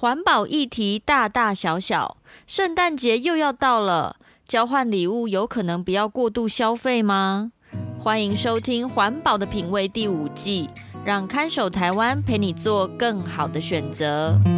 環保議題大大小小，聖誕節又要到了，交換禮物有可能不要過度消費嗎？歡迎收聽《環保的品味》第五季，讓看守台灣陪你做更好的選擇。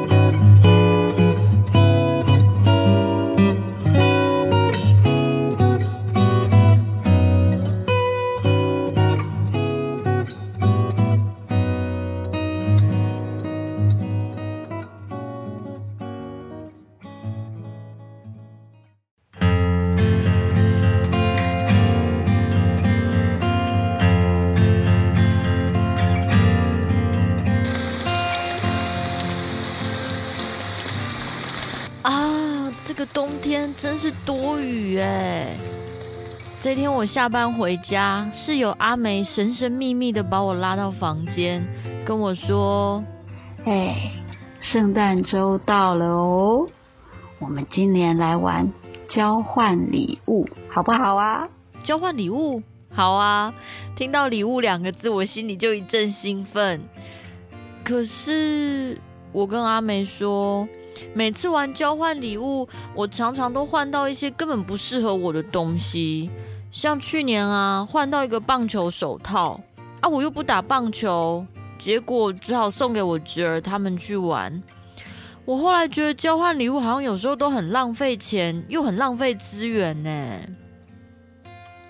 天真是多雨哎！這天我下班回家，室友阿梅神神秘秘的把我拉到房間，跟我說：“哎，聖誕周到了哦，我們今年來玩交換禮物，好不好啊？”交換禮物，好啊！聽到禮物兩個字，我心裡就一陣興奮。可是我跟阿梅說。每次玩交換禮物，我常常都換到一些根本不適合我的東西，像去年啊，換到一個棒球手套，啊，我又不打棒球，結果只好送給我侄兒他們去玩。我後來覺得交換禮物好像有時候都很浪費錢，又很浪費資源呢。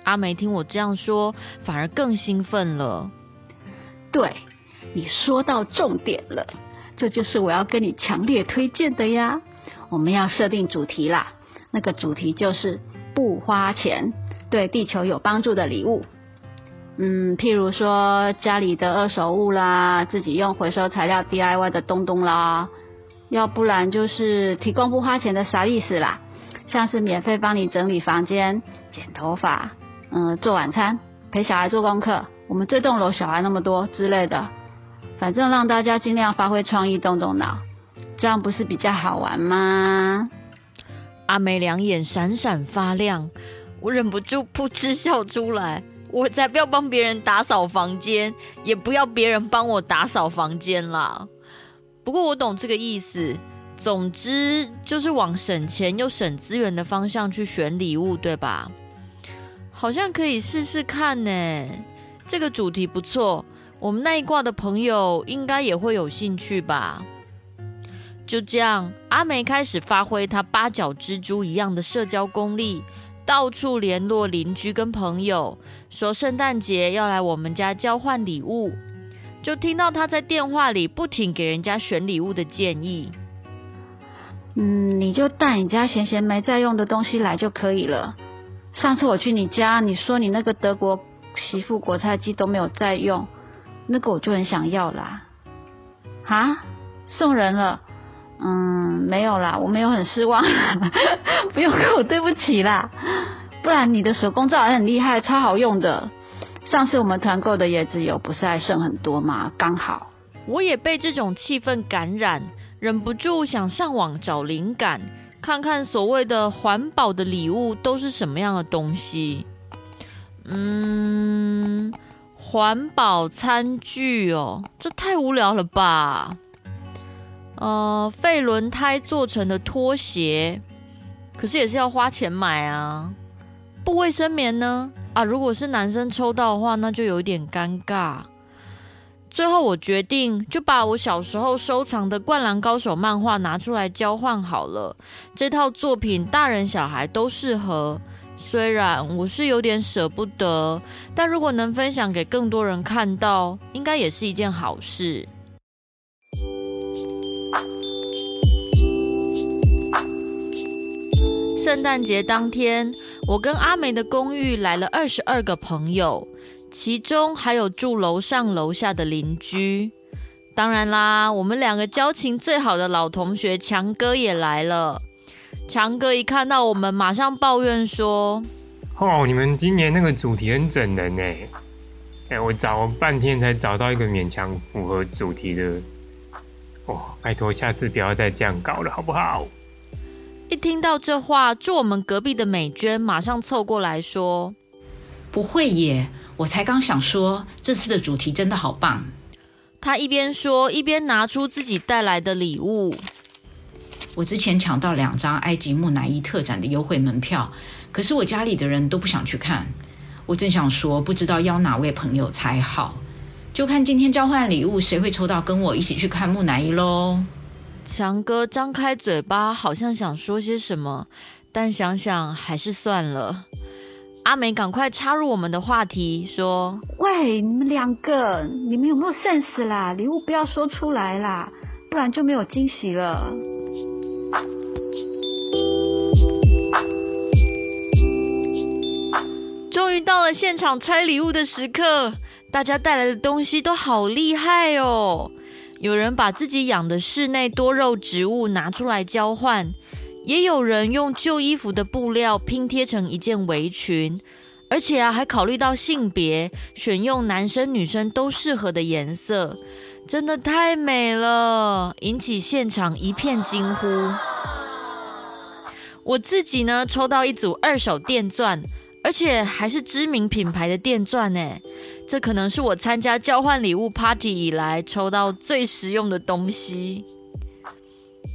阿美聽我這樣說，反而更興奮了。對，你說到重點了。這就是我要跟你強烈推薦的呀！我們要設定主題啦，那個主題就是不花錢對地球有幫助的禮物。嗯，譬如說家裡的二手物啦，自己用回收材料 DIY 的東東啦，要不然就是提供不花錢的啥意思啦，像是免費幫你整理房間、剪頭髮、嗯，做晚餐、陪小孩做功課，我們這棟樓小孩那麼多之類的。反正讓大家盡量發揮創意，動動腦，這樣不是比較好玩嗎？阿梅兩眼閃閃發亮，我忍不住噗嗤笑出來。我才不要幫別人打掃房間，也不要別人幫我打掃房間啦。不過我懂這個意思，總之就是往省錢又省資源的方向去選禮物，對吧？好像可以試試看呢，這個主題不錯。我們那一掛的朋友應該也會有興趣吧？就這樣，阿梅開始發揮她八角蜘蛛一樣的社交功力，到處聯絡鄰居跟朋友，說聖誕節要來我們家交換禮物。就聽到她在電話裡不停給人家選禮物的建議。嗯，你就帶你家閒閒沒在用的東西來就可以了。上次我去你家，你說你那個德國媳婦國菜機都沒有在用。那個我就很想要啦，啊，啊，送人了，嗯，沒有啦，我沒有很失望， 不用跟我對不起啦，不然你的手工皂也很厲害，超好用的。上次我們團購的椰子油不是還剩很多嗎？剛好，我也被這種氣氛感染，忍不住想上網找靈感，看看所謂的環保的禮物都是什麼樣的東西。嗯。環保餐具哦，這太無聊了吧？呃，廢輪胎做成的拖鞋，可是也是要花錢買啊。布衛生棉呢？啊，如果是男生抽到的話，那就有點尷尬。最後我決定，就把我小時候收藏的《灌籃高手》漫畫拿出來交換好了。這套作品，大人小孩都適合。雖然我是有點捨不得，但如果能分享給更多人看到，應該也是一件好事。聖誕節當天，我跟阿梅的公寓來了二十二個朋友，其中還有住樓上樓下的鄰居。當然啦，我們兩個交情最好的老同學強哥也來了。強哥一看到我們，馬上抱怨說：“哦，你們今年那個主題很整人呢。哎，我找了半天才找到一個勉強符合主題的。哦，拜託，下次不要再這樣搞了，好不好？”一聽到這話，住我們隔壁的美娟馬上湊過來說：“不會耶，我才剛想說，這次的主題真的好棒。”她一邊說，一邊拿出自己帶來的禮物。我之前搶到兩張埃及木乃伊特展的優惠門票，可是我家裡的人都不想去看。我正想說，不知道邀哪位朋友才好，就看今天交換禮物誰會抽到，跟我一起去看木乃伊咯。強哥張開嘴巴，好像想說些什麼，但想想還是算了。阿美趕快插入我們的話題，說：“喂，你們兩個，你們有沒有 sense 啦？禮物不要說出來啦，不然就沒有驚喜了。”終於到了現場拆禮物的時刻，大家帶來的東西都好厲害哦！有人把自己養的室內多肉植物拿出來交換，也有人用舊衣服的布料拼貼成一件圍裙，而且啊，還考慮到性別，選用男生女生都適合的顏色，真的太美了，引起現場一片驚呼。我自己呢，抽到一組二手電鑽。而且還是知名品牌的電鑽呢，這可能是我參加交換禮物 party 以來抽到最實用的東西。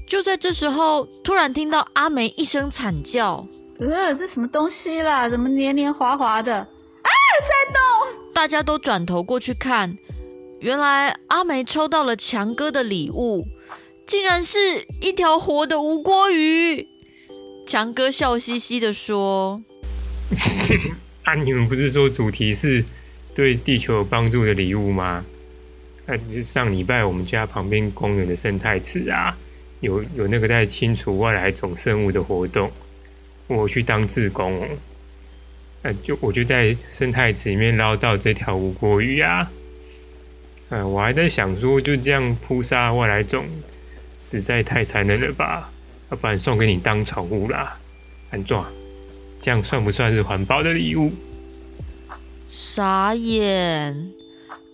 就在這時候，突然聽到阿梅一聲慘叫：“呃，這什麼東西啦？怎麼黏黏滑滑的？”啊，在動！大家都轉頭過去看，原來阿梅抽到了強哥的禮物，竟然是一條活的吳郭魚。強哥笑嘻嘻的說。 啊！你們不是說主題是對地球有幫助的禮物嗎？啊，就上禮拜我們家旁邊公園的生態池啊，有有那個在清除外來種生物的活動，我去當志工，啊，就我就在生態池裡面撈到這條吳郭魚啊，啊。我還在想說，就這樣撲殺外來種，實在太殘忍了吧？要不然送給你當寵物啦，很壯。這樣算不算是環保的禮物？傻眼！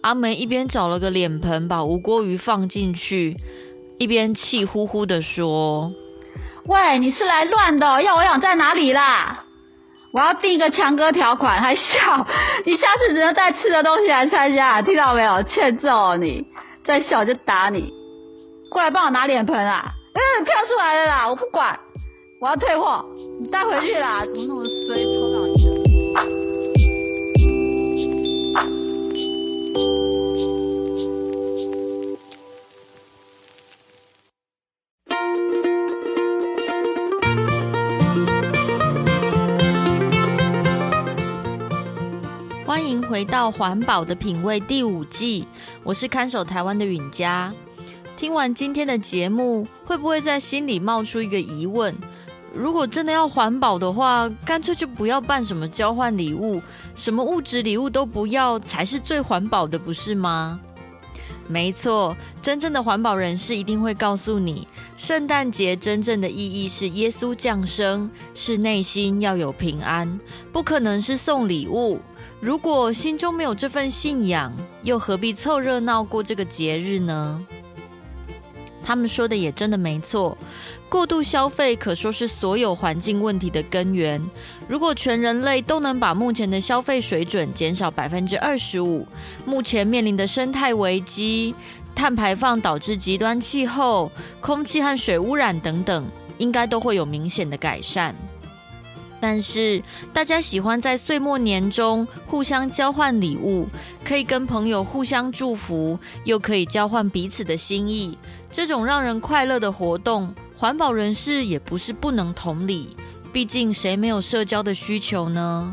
阿梅一邊找了個臉盆，把吳郭魚放進去，一邊氣呼呼的說：“喂，你是來亂的，要我養在哪裡啦？我要訂一個強哥條款，還笑！你下次只能帶吃的東西來參加，聽到沒有？欠揍你！你再笑我就打你！過來幫我拿臉盆啊！嗯，跳出來了啦，我不管。”我要退貨，你帶回去啦，怎麼那麼衰，抽到你的。歡迎回到《環保的品味》第五季，我是看守台灣的允嘉。聽完今天的節目，會不會在心裡冒出一個疑問？如果真的要環保的話，乾脆就不要辦什麼交換禮物，什麼物質禮物都不要，才是最環保的，不是嗎？沒錯，真正的環保人士一定會告訴你，聖誕節真正的意義是耶穌降生，是內心要有平安，不可能是送禮物。如果心中沒有這份信仰，又何必湊熱鬧過這個節日呢？他們說的也真的沒錯，過度消費可說是所有環境問題的根源。如果全人類都能把目前的消費水準減少百分之二十五，目前面臨的生態危機、碳排放導致極端氣候、空氣和水污染等等，應該都會有明顯的改善。但是，大家喜歡在歲末年終互相交換禮物，可以跟朋友互相祝福，又可以交換彼此的心意。這種讓人快樂的活動，環保人士也不是不能同理。畢竟，誰沒有社交的需求呢？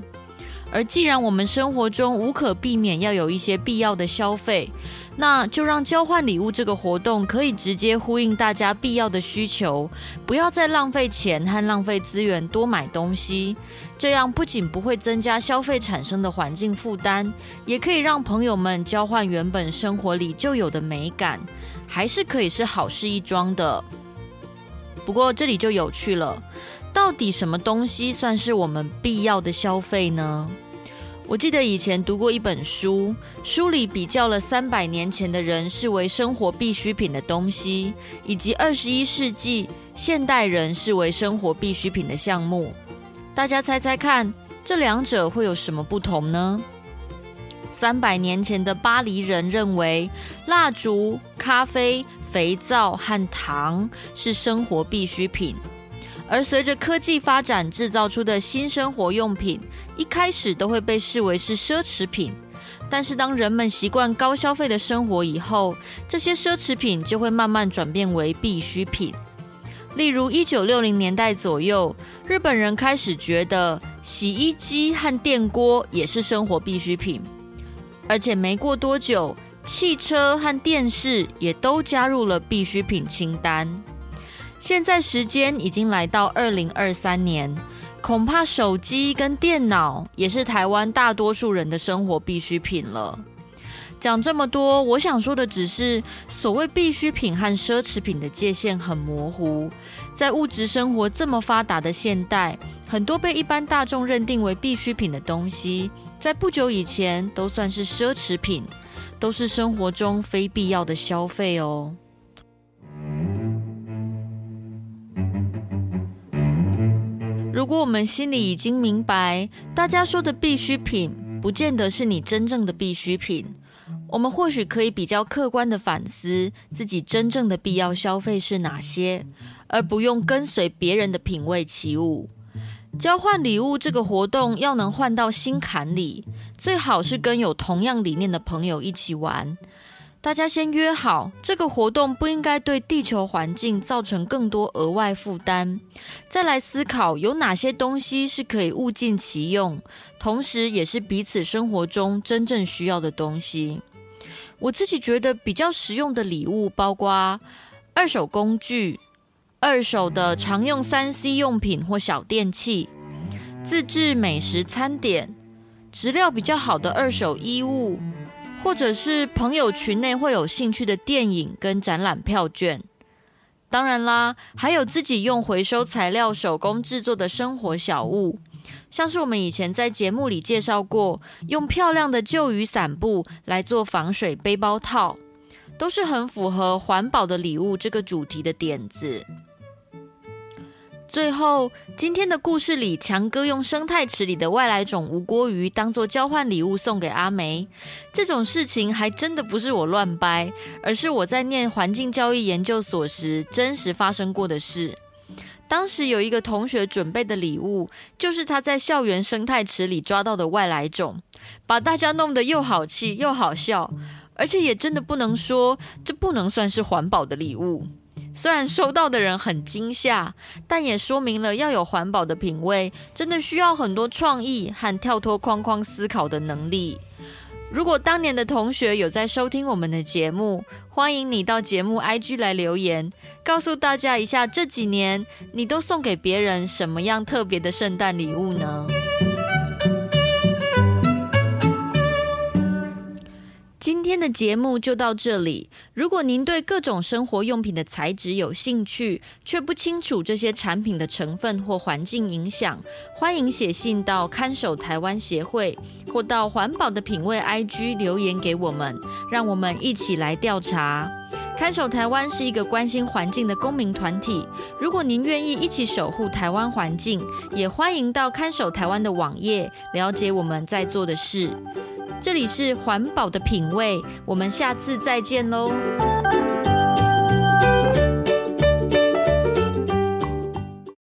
而既然我們生活中無可避免要有一些必要的消費，那就讓交換禮物這個活動可以直接呼應大家必要的需求，不要再浪費錢和浪費資源多買東西。這樣不僅不會增加消費產生的環境負擔，也可以讓朋友們交換原本生活裡就有的美感，還是可以是好事一樁的。不過這裡就有趣了。到底什麼東西算是我們必要的消費呢？我記得以前讀過一本書，書裡比較了三百年前的人視為生活必需品的東西，以及二十一世紀現代人視為生活必需品的項目。大家猜猜看，這兩者會有什麼不同呢？三百年前的巴黎人認為，蠟燭、咖啡、肥皂和糖是生活必需品。而隨着科技發展，製造出的新生活用品一開始都會被視為是奢侈品。但是，當人們習慣高消費的生活以後，這些奢侈品就會慢慢轉變為必需品。例如，一九六零年代左右，日本人開始覺得洗衣機和電鍋也是生活必需品。而且，沒過多久，汽車和電視也都加入了必需品清單。現在時間已經來到2023年，恐怕手機跟電腦也是台灣大多數人的生活必需品了。講這麼多，我想說的只是，所謂必需品和奢侈品的界限很模糊。在物質生活這麼發達的現代，很多被一般大眾認定為必需品的東西，在不久以前都算是奢侈品，都是生活中非必要的消費哦。如果我們心裡已經明白，大家說的必需品，不見得是你真正的必需品，我們或許可以比較客觀的反思自己真正的必要消費是哪些，而不用跟隨別人的品味起舞。交換禮物這個活動要能換到心坎裡，最好是跟有同樣理念的朋友一起玩。大家先約好，這個活動不應該對地球環境造成更多額外負擔，再來思考有哪些東西是可以物盡其用，同時也是彼此生活中真正需要的東西。我自己覺得比較實用的禮物，包括二手工具、二手的常用 3C 用品或小電器、自制美食餐點、質料比較好的二手衣物。或者是朋友群內會有興趣的電影跟展覽票券，當然啦，還有自己用回收材料手工制作的生活小物，像是我們以前在節目裡介紹過，用漂亮的舊雨傘布來做防水背包套，都是很符合環保的禮物這個主題的點子。最後，今天的故事裡，強哥用生態池裡的外來種吳郭魚當做交換禮物送給阿梅。這種事情還真的不是我亂掰，而是我在念環境教育研究所時真實發生過的事。當時有一個同學準備的禮物就是他在校園生態池裡抓到的外來種，把大家弄得又好氣又好笑，而且也真的不能說這不能算是環保的禮物。雖然收到的人很驚嚇，但也說明了要有環保的品味，真的需要很多創意和跳脫框框思考的能力。如果當年的同學有在收聽我們的節目，歡迎你到節目 IG 來留言，告訴大家一下這幾年你都送給別人什麼樣特別的聖誕禮物呢？今天的節目就到這裡。如果您對各種生活用品的材質有興趣，卻不清楚這些產品的成分或環境影響，歡迎寫信到看守台灣協會，或到環保的品味 IG 留言給我們，讓我們一起來調查。看守台灣是一個關心環境的公民團體。如果您願意一起守護台灣環境，也歡迎到看守台灣的網頁了解我們在做的事。這裡是環保的品味，我們下次再見嘍。